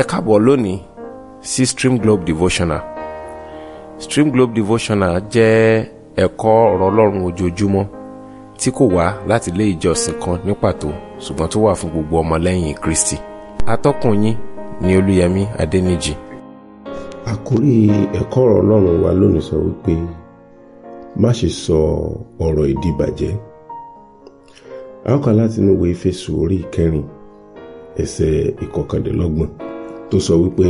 ẹ káàbọ̀ lónìí sí Stream Globe Devotional Stream Globe Devotional jẹ́ ẹ̀kọ́ ọ̀rọ̀ ọlọ́run ojoojúmọ́ tí kò wá láti ilé ìjọsìn kan ní pàtó ṣùgbọ́n tó wà fún gbogbo ọmọlẹ́yìn Kristi atọ́kùn yín ni Olúyẹmí Adẹ́nìjì. àkórí ẹ̀kọ́ ọ̀rọ̀ ọlọ́run wa lónìí sọ wípé má ṣe sọ ọ̀rọ̀ ìdíbàjẹ́ a ó kà látinú ìwé Éfésù orí ìkẹrin ẹsẹ̀ ìkọkàndínlọ́gbọ̀n tó sọ wípé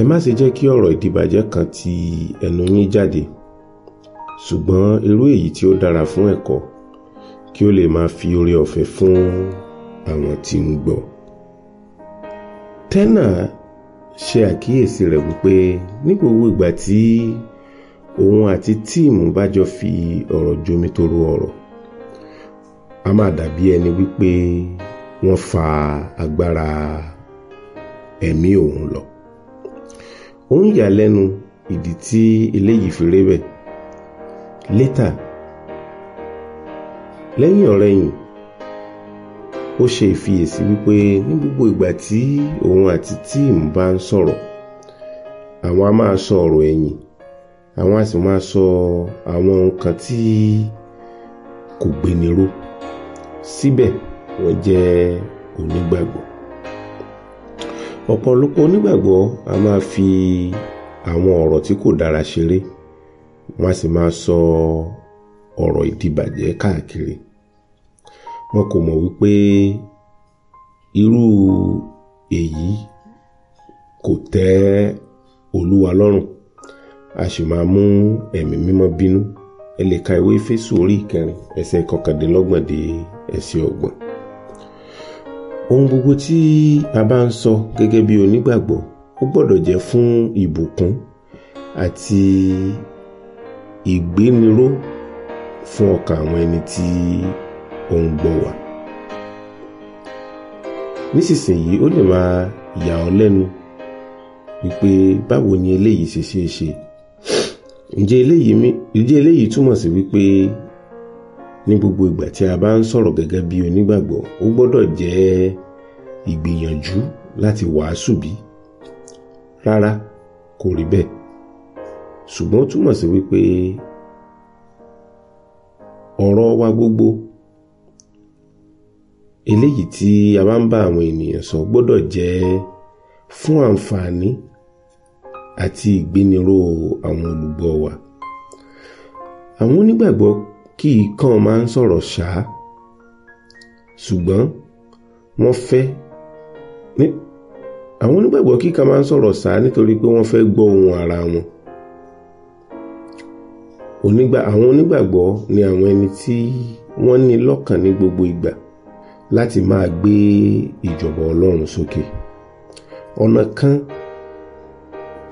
ẹ má ṣe jẹ́ kí ọ̀rọ̀ ìdìbàjẹ́ kan ti ẹnu yín jáde ṣùgbọ́n irú èyí tí ó dára fún ẹ̀kọ́ kí ó lè máa fi oore ọ̀fẹ́ fún àwọn tí ń gbọ́ tẹ́nà ṣe àkíyèsí rẹ̀ wípé ní gbogbo ìgbà tí òun àti tíìmù bá jọ fi ọ̀rọ̀ jomitoro ọ̀rọ̀ a máa dàbí ẹni wípé wọ́n fa agbára ẹ̀mí òun lọ ó ń yà lẹ́nu ìdí tí eléyìí fi rí bẹ́ẹ̀ létà lẹ́yìn ọ̀rẹ̀yìn ó ṣe ìfiyèsí wípé ní gbogbo ìgbà tí òun àti tíìmù bá ń sọ̀rọ̀ àwọn a máa sọ ọ̀rọ̀ ẹ̀yìn àwọn a sì máa sọ àwọn nǹkan tí kò gbéniró síbẹ̀ wọ́n jẹ́ onígbàgbọ́ ọ̀pọ̀lọpọ̀ onígbàgbọ́ a máa fi àwọn ọ̀rọ̀ tí kò dára ṣeré wọ́n á sì máa sọ ọ̀rọ̀ ìdìbàjẹ́ káàkiri wọn kò mọ̀ wípé irú èyí kò tẹ́ olúwa lọ́rùn a sì máa mú ẹ̀mí mímọ́ bínú ẹ lè ka ìwé Éfésù orí ìkẹrin ẹsẹ̀ kọkàndínlọ́gbọ̀n dé ẹsẹ̀ ọgbọ̀n ohun gbogbo tí a bá ń sọ gẹ́gẹ́ bí onígbàgbọ́ ó gbọ́dọ̀ jẹ́ fún ìbùkún àti ìgbéniró fún ọkàn àwọn ẹni tí ó ń gbọ́ wa nísinsìnyí ó lè máa yà ọ́ lẹ́nu wípé báwo ni eléyìí ṣe ṣe é ṣe ǹjẹ́ eléyìí túmọ̀ sí wípé ní gbogbo ìgbà tí a bá ń sọ̀rọ̀ gẹ́gẹ́ bí onígbàgbọ́ ó gbọ́dọ̀ jẹ́ ìgbìyànjú láti wàásù bí rárá kò rí bẹ́ẹ̀ ṣùgbọ́n ó túmọ̀ sí wípé ọ̀rọ̀ wa gbogbo eléyìí tí a bá ń bá àwọn ènìyàn sọ gbọ́dọ̀ jẹ́ fún àǹfààní àti ìgbéniró àwọn olùgbọ́ wa àwọn onígbàgbọ́ kì í kàn máa ń sọ̀rọ̀ ṣáá ṣùgbọ́n wọ́n fẹ́ ní àwọn onígbàgbọ́ kíkà máa ń sọ̀rọ̀ ṣáá nítorí pé wọ́n fẹ́ gbọ́ ohùn ara wọn onígbà àwọn onígbàgbọ́ ni àwọn ẹni tí wọ́n ní lọ́kàn ní gbogbo ìgbà láti máa gbé ìjọba ọlọ́run sókè ọ̀nà kan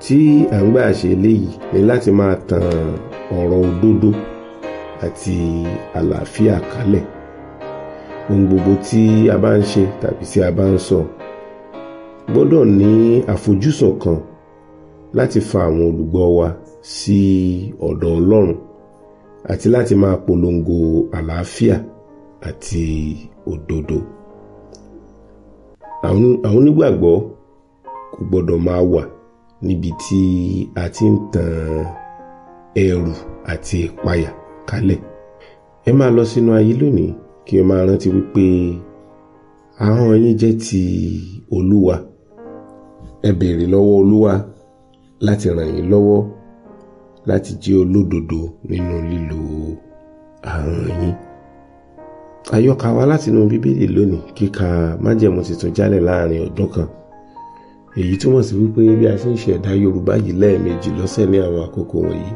tí à ń gbà ṣe eléyìí ni láti máa tan ọ̀rọ̀ òdodo àti àlàáfíà kálẹ̀ ohun gbogbo tí a bá ń ṣe tàbí tí a bá ń sọ gbọ́dọ̀ ní àfojúsùn kan láti fa àwọn olùgbọ́ wa sí ọ̀dọ̀ Ọlọ́run àti láti máa polongo àlàáfíà àti òdodo àwọn onígbàgbọ́ kò gbọ́dọ̀ máa wà níbi tí a ti ń tan ẹ̀rù àti ìpayà. E kalẹ̀ ẹ máa lọ sínú ayé lónìí kí ẹ máa rántí wípé ahọ́n yín jẹ́ ti olúwa ẹ béèrè lọ́wọ́ olúwa láti ràn yín lọ́wọ́ láti jẹ́ olódodo nínú lílo ahọ́n yín àyọkà wa látinú bíbélì lónìí kíka májẹ̀mú tuntun jálẹ̀ láàrin ọdún kan èyí túmọ̀ sí wípé bí a ṣe ń ṣẹ̀dá yorùbá yìí lẹ́ẹ̀mejì lọ́sẹ̀ ní àwọn àkókò wọ̀nyí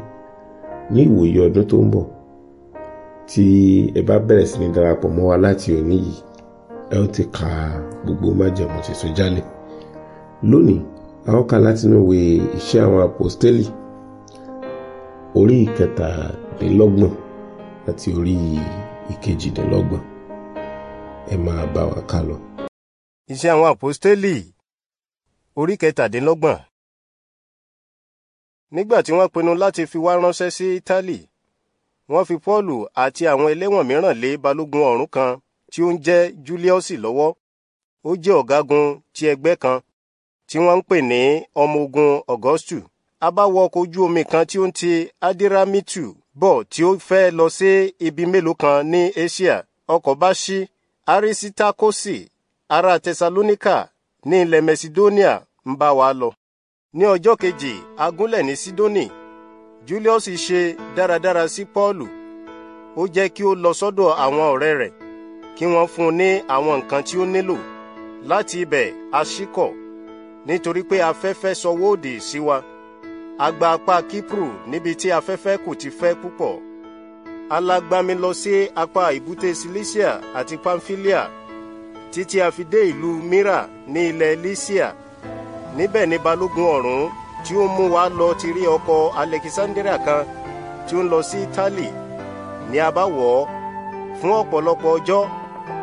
ní ìwòye ọdún tó ń bọ̀ tí ẹ bá bẹ̀rẹ̀ sí ní darapọ̀ mọ́ wa láti òní yìí ẹ ó ti ka gbogbo májẹ̀mú tuntun jálẹ̀ lónìí a ó kà látinú ìwé iṣẹ́ àwọn àpòstélì orí ìkẹtàdínlọ́gbọ̀n àti orí ìkejìdínlọ́gbọ̀n ẹ máa bá wa kà lọ. iṣẹ́ àwọn àpòstélì orí kẹtàdínlọ́gbọ̀n nígbà tí wọ́n pinnu láti fi wá ránṣẹ́ sí ítálì wọ́n fi Pọ́ọ̀lù àti àwọn ẹlẹ́wọ̀n mìíràn lé balógun ọ̀rún kan tí ó ń jẹ́ Júlíọ́sì lọ́wọ́ ó jẹ́ ọ̀gágun ti ẹgbẹ́ kan tí wọ́n ń pè ní ọmọ ogun Augustu a ojú omi kan tí ó ń ti Adiramitu bọ̀ tí ó fẹ́ lọ sí ibi mélòó kan ní Asia ọkọ̀ bá ṣí Arisitakosi ará Tẹsalóníkà ní ilẹ̀ Mẹsidóníà ń bá wa lọ ní ọjọ́ kejì agúnlẹ̀ ní Sídónì Julius ṣe dáradára sí Pọ́ọ̀lù ó jẹ́ kí ó lọ sọ́dọ̀ àwọn ọ̀rẹ́ rẹ̀ kí wọ́n fún un ní àwọn nǹkan tí ó nílò láti ibẹ̀ a ṣíkọ̀ nítorí pé afẹ́fẹ́ sọwọ́ òdì sí wa a gba apá Kíprù níbi tí afẹ́fẹ́ kò ti fẹ́ púpọ̀ a lọ sí apá ìbúté Silisia àti Pamfilia títí a fi dé ìlú Mira ní ilẹ̀ Lisia níbẹ̀ ni balógun ọ̀rún tí ó mú wa lọ ti rí ọkọ̀ alexandria kan tí ó ń lọ sí Italy ni a bá wọ̀ ọ́ fún ọ̀pọ̀lọpọ̀ ọjọ́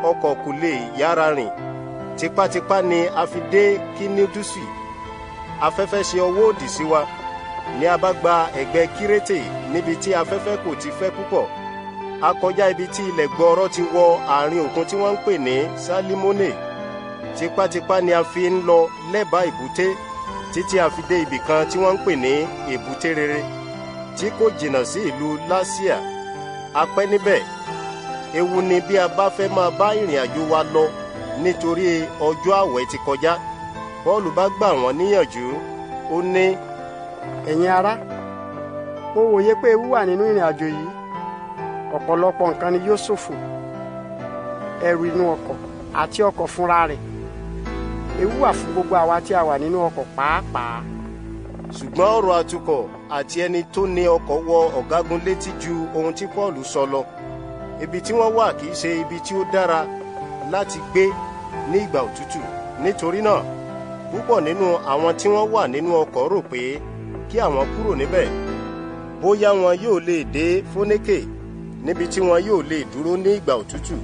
ọkọ̀ kò lè yára rìn tipátipá ni a fi dé kínídùsì afẹ́fẹ́ ṣe ọwọ́ òdì sí wa ni a bá gba kírètè níbi tí afẹ́fẹ́ kò ti fẹ́ púpọ̀ a kọjá ibi tí ilẹ̀ gbọ́ọ́rọ́ ti wọ àárín òkun tí wọ́n ń pè ní salimone tipátipá ni a fi ń lọ lẹ́bàá ìbúté títí a fi dé ibì kan tí wọ́n ń pè ní èbúté tí kò jìnnà sí ìlú Láṣíà a pẹ́ níbẹ̀ ewu ni bí a bá fẹ́ máa bá ìrìn àjò wa lọ nítorí ọjọ́ àwẹ̀ ti kọjá Pọ́ọ̀lù bá gbà wọ́n níyànjú ó ní. ẹ̀yin ará mo wòye pé ewu wà nínú ìrìn àjò yìí ọ̀pọ̀lọpọ̀ nǹkan ni yóò ṣòfò ẹrù inú ọkọ̀ àti ọkọ̀ fúnra rẹ̀ ewu wà fún gbogbo àwa tí a wà nínú ọkọ̀ pàápàá. ṣùgbọ́n ọ̀rọ̀ atukọ̀ àti ẹni tó ní ọkọ̀ wọ ọ̀gágun létí ju ohun tí Paul sọ lọ ibi tí wọ́n wà kìí ṣe ibi tí ó dára láti gbé ní ìgbà òtútù nítorí náà púpọ̀ nínú àwọn tí wọ́n wà nínú ọkọ̀ rò pé kí àwọn kúrò níbẹ̀ bóyá wọn yóò lè dé Fóníkè níbi tí wọn yóò lè dúró ní ìgbà òtútù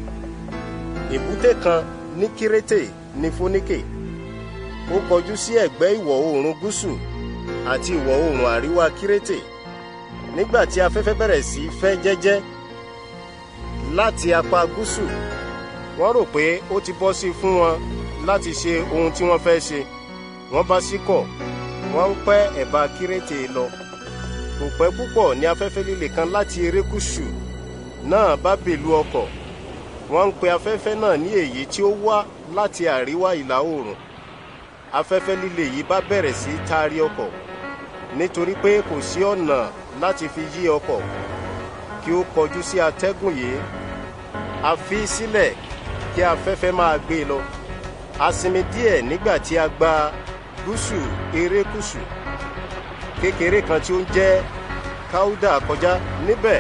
èbúté kan ní Kírétè ní Fóníkè ó kọjú sí ẹ̀gbẹ́ ìwọ̀ oòrùn gúúsù àti ìwọ̀ oòrùn àríwá kírétè nígbà tí afẹ́fẹ́ bẹ̀rẹ̀ sí fẹ́ jẹ́jẹ́ láti apá gúúsù wọ́n rò pé ó ti bọ́ sí fún wọn láti ṣe ohun tí wọ́n fẹ́ ṣe wọ́n bá ṣíkọ̀ wọ́n ń pẹ́ ẹ̀bá kírétè lọ kò pẹ́ púpọ̀ ní afẹ́fẹ́ líle kan láti erékùṣù náà bá bèlú ọkọ̀ wọ́n ń pe afẹ́fẹ́ náà ní èyí tí ó wá láti àríwá ìlà oòrùn afẹ́fẹ́ líle yìí bá bẹ̀rẹ̀ sí taari ọkọ̀ nítorí pé kò sí ọ̀nà láti fi yí ọkọ̀ kí ó kọjú sí atẹ́gùn yìí a fi sílẹ̀ kí afẹ́fẹ́ máa gbé e lọ a sinmi díẹ̀ nígbà tí a gba gúúsù erékùsù kékeré kan tí ó ń jẹ́ káúdà kọjá níbẹ̀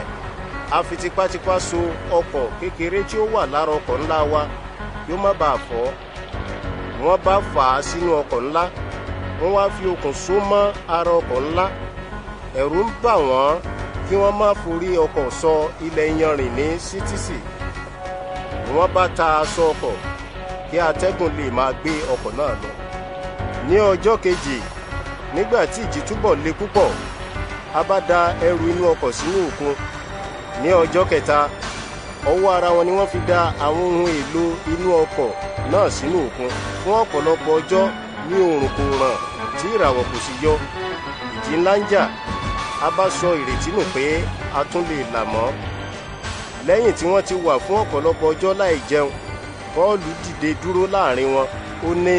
a so ọkọ̀ kékeré tí ó wà lára ọkọ̀ ńlá wa yóò má bàa wọ́n bá fà á sínú ọkọ̀ ńlá wọ́n wá fi okùn so mọ́ ara ọkọ̀ ńlá ẹ̀rù ń bà wọ́n kí wọ́n má forí ọkọ̀ sọ ilẹ̀ iyanrìn ní sítìsì wọ́n bá ta aṣọ ọkọ̀ kí atẹ́gùn lè máa gbé ọkọ̀ náà lọ. ní ọjọ́ kejì nígbà tí ìjì túbọ̀ le púpọ̀ a bá da ẹrù inú ọkọ̀ sínú òkun ní ọjọ́ kẹta ọwọ́ ara wọn ni wọ́n fi da àwọn ohun èlò inú ọkọ̀ náà sínú òkun fún ọ̀pọ̀lọpọ̀ ọjọ́ ní oòrùn kò ràn tí ìràwọ̀ kò sì yọ ìjì ńlá ń jà a bá sọ ìrètí nù pé a tún lè là mọ́ lẹ́yìn tí wọ́n ti wà fún ọ̀pọ̀lọpọ̀ ọjọ́ láì jẹun Pọ́ọ̀lù dìde dúró láàrin wọn ó ní.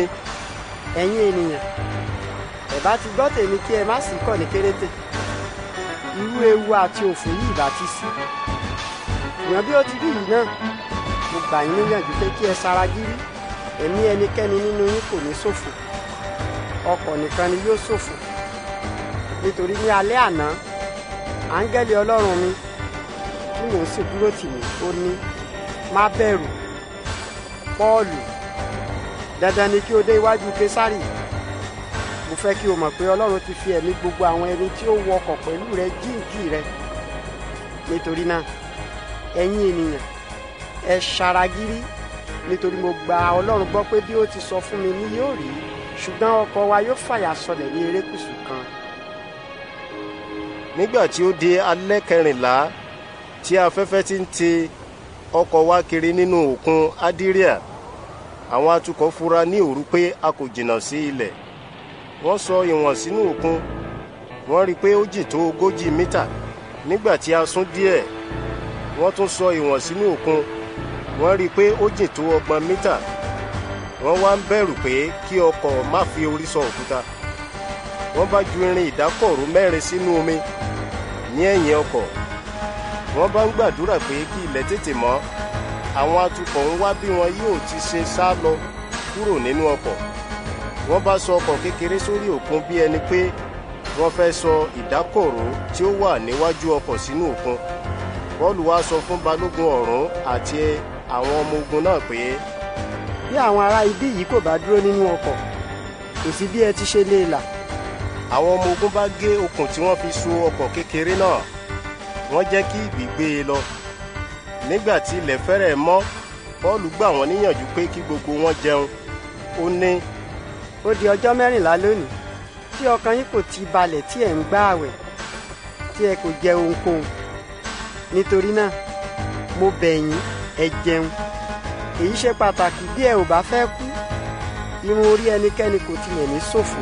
ẹ̀yin ènìyàn ẹ ti gbọ́ tèmi kí ẹ má sì kọ̀ ní kéréte irú ewu àti òfò yìí ìbá ti sí ṣùgbọ́n bí ó ti rí yìí náà mo gbà yín níyànjú pé kí ẹ sara gírí ẹ̀mí ẹnikẹ́ni nínú yín kò ní ṣòfò ọkọ̀ nìkan ni yóò ṣòfò nítorí ní alẹ́ àná áńgẹ́lì ọlọ́run mi tí mò ń sì dúró tì mí ó ní má bẹ̀rù pọ́ọ̀lù dandan ni kí o dé iwájú késárì mo fẹ́ kí o mọ̀ pé ọlọ́run ti fi ẹ̀mí gbogbo àwọn ẹni tí ó wọkọ̀ pẹ̀lú rẹ jíǹkì rẹ nítorí náà ẹ̀yin ènìyàn ẹ ṣaragírí nítorí mo gba ọlọ́run gbọ́ pé bí ó ti sọ fún mi ní yóò rí ṣùgbọ́n ọkọ̀ wa yóò fàyà sọlẹ̀ ní erékùṣù kan. nígbà tí ó di alẹ́ kẹrìnlá tí afẹ́fẹ́ ti ń ti ọkọ̀ wa kiri nínú òkun adiria àwọn atukọ̀ fura ní òru pé a kò jìnnà sí ilẹ̀ wọ́n sọ ìwọ̀n sínú òkun wọ́n rí i pé ó jìn tó ogójì mítà nígbà tí a sún díẹ̀ wọ́n tún sọ ìwọ̀n sínú òkun wọ́n rí i pé ó jìn tó ọgbọ̀n mítà wọ́n wá ń bẹ̀rù pé kí ọkọ̀ má fi orí sọ òkúta wọ́n bá ju irin ìdákọ̀ró mẹ́rin sínú omi ní ẹ̀yìn ọkọ̀ wọ́n bá ń gbàdúrà pé kí ilẹ̀ tètè mọ́ àwọn atukọ̀ ń wá bí wọn yóò ti ṣe sá lọ kúrò nínú ọkọ̀ wọ́n bá sọ ọkọ̀ kékeré sórí òkun bí ẹni pé wọ́n fẹ́ sọ ìdákọ̀ró tí ó wà níwájú ọkọ̀ sínú òkun. Pọ́ọ̀lù wá sọ fún balógun ọ̀rún àti àwọn ọmọ ogun náà pé. bí àwọn ará ibí yìí kò bá dúró nínú ọkọ̀ kò sí bí ẹ ti ṣe lè là. àwọn ọmọ ogun bá gé okùn tí wọ́n fi so ọkọ̀ kékeré náà wọ́n jẹ́ kí ìgbì gbé e lọ. nígbà tí ilẹ̀ fẹ́rẹ̀ mọ́ Pọ́ọ̀lù gbà wọ́n níyànjú pé kí gbogbo wọn jẹun ó ní. ó di ọjọ́ mẹ́rìnlá lónìí tí ọkàn yín kò ti balẹ̀ tí ẹ̀ ń gbààwẹ̀ tí ẹ kò jẹ ohunkóhun nítorí náà mo bẹ̀ yín ẹ jẹun èyí ṣe pàtàkì bí ẹ ò bá fẹ́ kú irun orí ẹnikẹ́ni kò tilẹ̀ ní ṣòfò.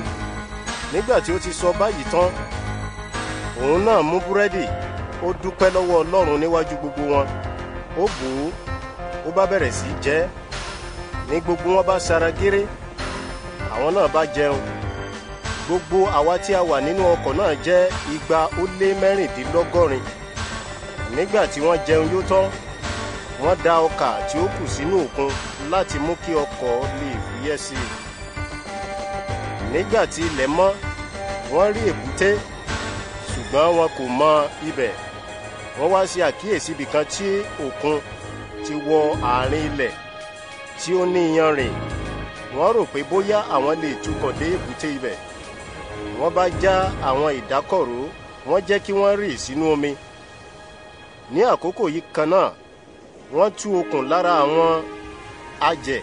nígbà tí ó ti sọ báyìí tán òun náà mú búrẹ́dì ó dúpẹ́ lọ́wọ́ ọlọ́run níwájú gbogbo wọn ó bù ú ó bá bẹ̀rẹ̀ sí í jẹ ní gbogbo wọn bá sara géré àwọn náà bá jẹun gbogbo àwa tí a wà nínú ọkọ̀ náà jẹ́ igba ó lé mẹ́rìndínlọ́gọ́rin nígbà tí wọ́n jẹun yó tán wọ́n da ọkà tí ó kù sínú òkun láti mú kí ọkọ̀ lè fúyẹ́ sí i nígbà tí ilẹ̀ mọ́ wọ́n rí èbúté ṣùgbọ́n wọn kò mọ ibẹ̀ wọ́n wá sí àkíyèsí ibì kan tí òkun ti wọ àárín ilẹ̀ tí ó ní iyanrìn wọ́n rò pé bóyá àwọn lè túkọ̀ dé èbúté ibẹ̀ wọ́n bá já àwọn ìdákọ̀ró wọ́n jẹ́ kí wọ́n rì sínú omi. Si ní àkókò yìí kan náà wọ́n tú okùn lára àwọn ajẹ̀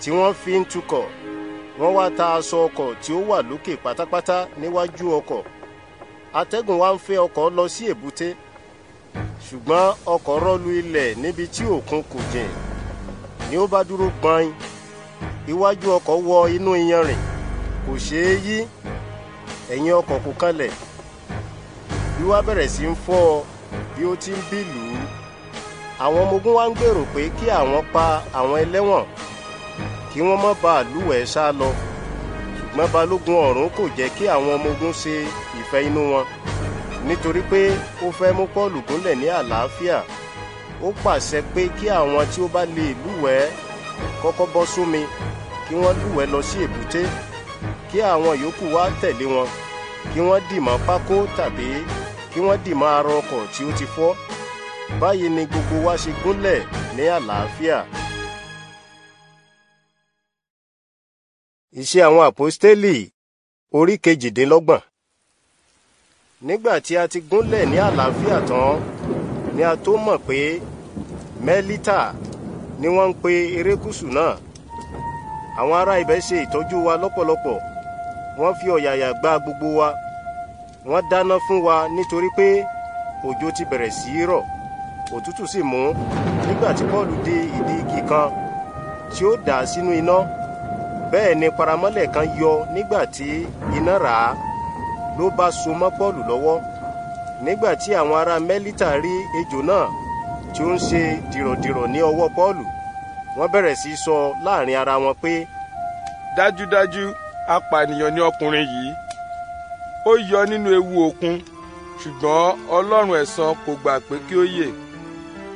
tí wọ́n fi ń tukọ̀ wọ́n wá ta aṣọ ọkọ̀ tí ó wà lókè pátápátá níwájú ọkọ̀ atẹ́gùn wá ń fẹ́ ọkọ̀ lọ sí èbúté ṣùgbọ́n ọkọ̀ rọ́lu ilẹ̀ níbi tí òkun kò jìn ni ó bá dúró gbọ́n iwájú ọkọ̀ wọ inú iyanrìn kò ṣeé yí ẹ̀yìn ọkọ̀ kò kanlẹ̀ bí wá bẹ̀rẹ̀ sí ń fọ́ ọ bí ó ti ń bí lù ú àwọn ọmọ ogun wa ń gbèrò pé kí àwọn pa àwọn ẹlẹ́wọ̀n kí wọ́n má bàa lúwẹ̀ẹ́ sá lọ ṣùgbọ́n balógun ọ̀rún kò jẹ́ kí àwọn ọmọ ogun ṣe ìfẹ́ inú wọn nítorí pé ó fẹ́ mú pọ́ọ̀lù gúnlẹ̀ ní àlàáfíà ó pàṣẹ pé kí àwọn tí ó bá lè lúwẹ̀ẹ́ kọ́kọ́ bọ́ sómi kí wọ́n lúwẹ̀ẹ́ lọ sí èbúté kí àwọn yòókù wá tẹ̀lé wọn kí wọ́n dìmọ́ pákó tàbí kí wọ́n dì máa rọ ọkọ̀ tí ó ti fọ́ báyìí ni gbogbo wa ṣe gúnlẹ̀ ní àlàáfíà. Iṣẹ́ àwọn àpọ́stélì orí kejìdínlọ́gbọ̀n. Nígbà tí a ti gúnlẹ̀ ní àlàáfíà tán ni a tó mọ̀ pé Mẹ́lítà ni wọ́n ń pe erékùṣù náà. Àwọn ará ibẹ̀ ṣe ìtọ́jú wa lọ́pọ̀lọpọ̀. Wọ́n fi ọ̀yàyà gba gbogbo wa wọ́n dáná fún wa nítorí pé òjò ti bẹ̀rẹ̀ sí í rọ̀ òtútù sì mú nígbà tí Pọ́ọ̀lù dé ìdí igi kan tí ó dà sínú iná bẹ́ẹ̀ ni paramọ́lẹ̀ kan yọ nígbà tí iná rà á ló bá so mọ́ Pọ́ọ̀lù lọ́wọ́ nígbà tí àwọn ará Mẹ́lítà rí ejò náà tí ó ń ṣe dìrọ̀dìrọ̀ ní ọwọ́ Pọ́ọ̀lù wọ́n bẹ̀rẹ̀ sí í sọ láàrin ara wọn pé. dájúdájú apànìyàn ni ọkùnrin yìí ó yọ nínú ewu òkun ṣùgbọ́n ọlọ́run ẹ̀san kò gbà pé kí ó yè.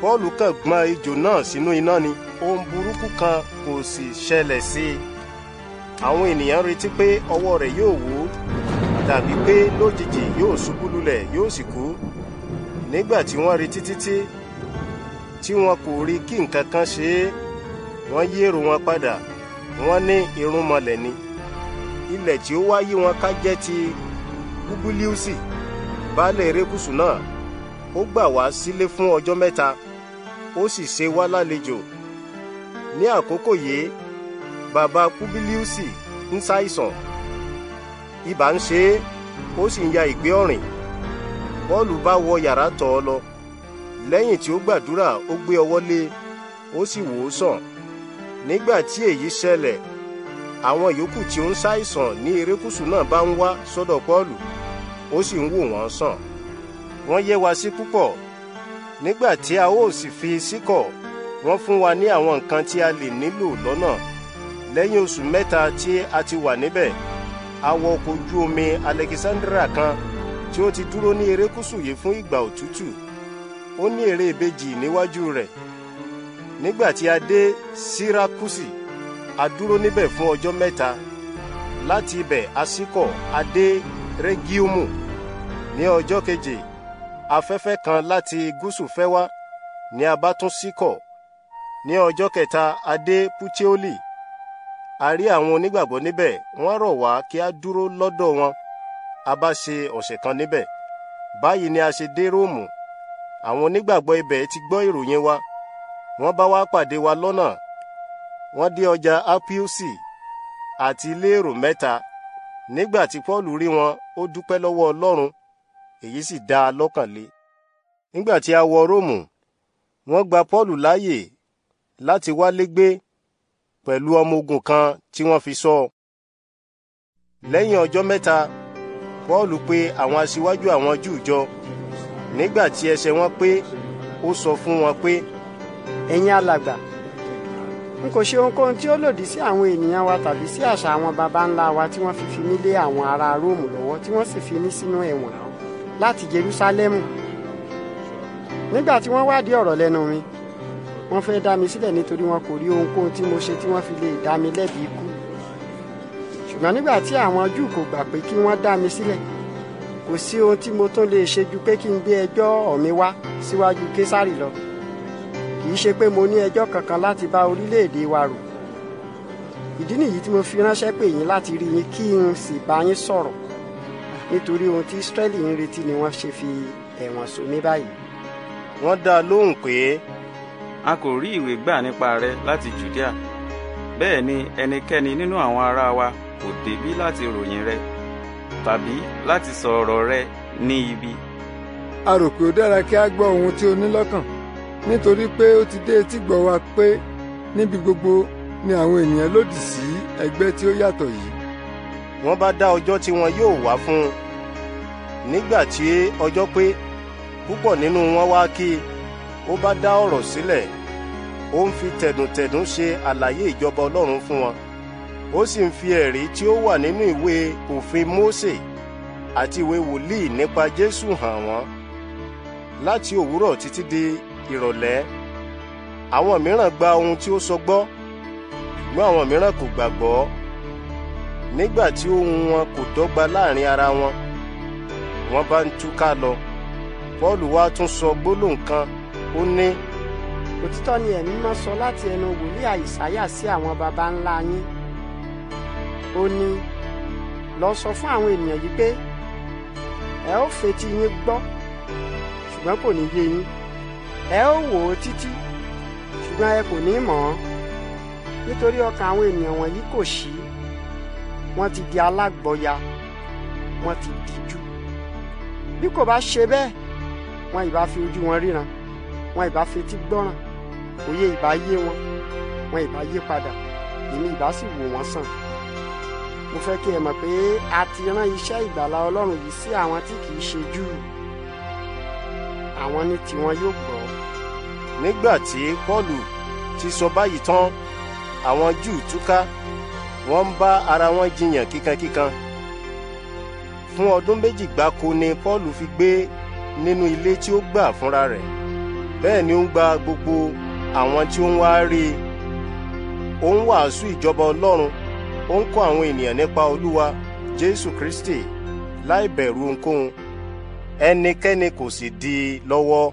Pọ́ọ̀lù kàn gbọ́n ejò náà sínú iná ni ohun burúkú kan kò sì ṣẹlẹ̀ sí i àwọn ènìyàn retí pé ọwọ́ rẹ̀ yóò wó tàbí pé lójijì yóò ṣubú lulẹ̀ yóò sì kú nígbà tí wọ́n retí títí tí wọn kò rí kí nǹkan kan ṣe é wọ́n yí èrò wọn padà wọ́n ní irúnmọlẹ̀ ni ilẹ̀ tí ó wá wọn ká jẹ́ ti búbúlíùsì baálé irekusu náà ó gbà wá sílé fún ọjọ́ mẹ́ta ó sì ṣe wá lálejò ní àkókò yìí bàbá búbúlíùsì ń ṣàìsàn ibà ń ṣe é ó sì ń ya ìgbé ọ̀rìn pọ́ọ̀lù bá wọ yàrá tọ̀ ọ́ lọ lẹ́yìn tí ó gbàdúrà ó gbé ọwọ́ lé ó sì wò ó sàn nígbà tí èyí ṣẹlẹ̀ àwọn yòókù tí ó ń ṣàìsàn ní erékùṣù náà bá ń wá sọ́dọ̀ Pọ́ọ̀lù ó sì ń wò wọ́n sàn wọ́n yẹ́ wa sí púpọ̀ nígbà tí a ó sì fi síkọ̀ wọ́n fún wa ní àwọn nǹkan tí a lè nílò lọ́nà lẹ́yìn oṣù mẹ́ta tí a ti wà níbẹ̀ a wọ ojú omi Alexandria kan tí ó ti dúró ní erékùṣù yìí fún ìgbà òtútù ó ní ère ìbejì níwájú rẹ̀ nígbà tí a dé Sirakusi a dúró níbẹ̀ fún ọjọ́ mẹ́ta láti ibẹ̀ a ṣíkọ̀ a dé rẹ́gíọ́mù ní ọjọ́ keje afẹ́fẹ́ kan láti gúúsù fẹ́ wá ní a bá ní ọjọ́ kẹta a dé puteoli a rí àwọn onígbàgbọ́ níbẹ̀ wọ́n rọ̀ wá kí a dúró lọ́dọ̀ wọn a bá ṣe ọ̀sẹ̀ kan níbẹ̀ báyìí ni a ṣe dé róòmù àwọn onígbàgbọ́ ibẹ̀ ti gbọ́ ìròyìn wa wọ́n bá wá pàdé wa lọ́nà wọ́n dé ọjà apiusi àti ilé èrò mẹ́ta nígbà tí pọ́ọ̀lù rí wọn ó dúpẹ́ lọ́wọ́ ọlọ́run èyí sì dá a lọ́kàn lé nígbà tí a wọ róòmù wọ́n gba pọ́ọ̀lù láàyè láti wálé gbé pẹ̀lú ọmọ ogun kan tí wọ́n fi sọ lẹ́yìn ọjọ́ mẹ́ta pọ́ọ̀lù pe àwọn aṣíwájú àwọn júù jọ nígbà tí ẹsẹ̀ wọn pé ó sọ fún wọn pé ẹ̀yin alàgbà n kò ṣe ohunkóhun tí ó lòdì sí àwọn ènìyàn wa tàbí sí àṣà àwọn baba ńlá wa tí wọ́n fi fi mí lé àwọn ará róòmù lọ́wọ́ tí wọ́n sì fi mí sínú ẹ̀wọ̀n láti jerúsálẹ́mù nígbà tí wọ́n wádìí ọ̀rọ̀ lẹ́nu mi wọ́n fẹ́ dá mi sílẹ̀ nítorí wọn kò rí ohunkóhun tí mo ṣe tí wọ́n fi lè dá mi lẹ́bi ikú ṣùgbọ́n nígbà tí àwọn júù kò gbà pé kí wọ́n dá mi sílẹ̀ kò sí ohun tí mo tún lè ṣe ju pé kí n gbé ẹjọ́ ọ̀ wá síwájú késàrì lọ kì í ṣe pé mo ní ẹjọ́ kankan láti bá orílẹ̀-èdè wa rò ìdí nìyí tí mo fi ránṣẹ́ pè yín láti rí yín kí n sì bá yín sọ̀rọ̀ nítorí ohun tí Ísírẹ́lì ń retí ni wọ́n ṣe fi ẹ̀wọ̀n so mí báyìí. wọ́n dá a lóhùn pé a kò rí ìwé gbà nípa rẹ láti Jùdíà bẹ́ẹ̀ ni ẹnikẹ́ni nínú àwọn ará wa kò débí láti ròyìn rẹ tàbí láti sọ ọ̀rọ̀ rẹ ní ibi. a rò pé ó dára kí a gbọ́ ohun tí o ní lọ́kàn nítorí pé ó ti dé etígbọ̀ wa pé níbi gbogbo ni àwọn ènìyàn lòdì sí ẹgbẹ́ tí ó yàtọ̀ yìí. wọ́n bá dá ọjọ́ tí wọn yóò wá fún un nígbà tí ọjọ́ pé púpọ̀ nínú wọn wá kí ó bá dá ọ̀rọ̀ sílẹ̀ ó ń fi tẹ̀dùntẹ̀dùn ṣe àlàyé ìjọba ọlọ́run fún wọn ó sì ń fi ẹ̀rí tí ó wà nínú ìwé òfin Mósè àti ìwé wòlíì nípa Jésù hàn wọ́n láti òwúrọ̀ títí di ìrọ̀lẹ́ àwọn mìíràn gba ohun tí ó sọ gbọ́ ṣùgbọ́n àwọn mìíràn kò gbàgbọ́ nígbà tí ohun wọn kò dọ́gba láàrin ara wọn wọ́n bá ń túká lọ Pọ́ọ̀lù wá tún sọ gbólóhùn kan ó ní. òtítọ́ ni ẹ̀mí mọ́ sọ láti ẹnu wòlíì àìsáyà sí àwọn baba ńlá yín ó ní lọ sọ fún àwọn ènìyàn yìí pé ẹ ó fetí yín gbọ́ ṣùgbọ́n kò ní yé yín ẹ ó wò ó títí ṣùgbọ́n ẹ kò ní mọ̀ ọ́ nítorí ọkàn àwọn ènìyàn wọ̀nyí kò ṣí wọ́n ti di alágbọ̀ya wọ́n ti díjú bí kò bá ṣe bẹ́ẹ̀ wọn ìbá fi ojú wọn ríran wọn ìbá fetí gbọ́ràn òye ìbá yé wọn wọn ìbá yé padà èmi ìbá sì wò wọ́n sàn mo fẹ́ kí ẹ mọ̀ pé a ti rán iṣẹ́ ìgbàlà ọlọ́run yìí sí àwọn tí kì í ṣe Júù àwọn ní tiwọn yóò gbọ́ nígbà Paulu Pọ́ọ̀lù ti sọ báyìí tán àwọn Júù túká wọ́n ń bá ara wọn jiyàn kíkankíkan fún ọdún méjì gbáko ni Pọ́ọ̀lù fi gbé nínú ilé tí ó gbà fúnra rẹ̀ bẹ́ẹ̀ ni ó ń gba gbogbo àwọn tí ó ń wá rí i ó ń wàásù ìjọba Ọlọ́run ó ń kọ́ àwọn ènìyàn nípa Olúwa Jésù Kristi láì bẹ̀rù ohunkóhun ẹnikẹ́ni kò sì dí i lọ́wọ́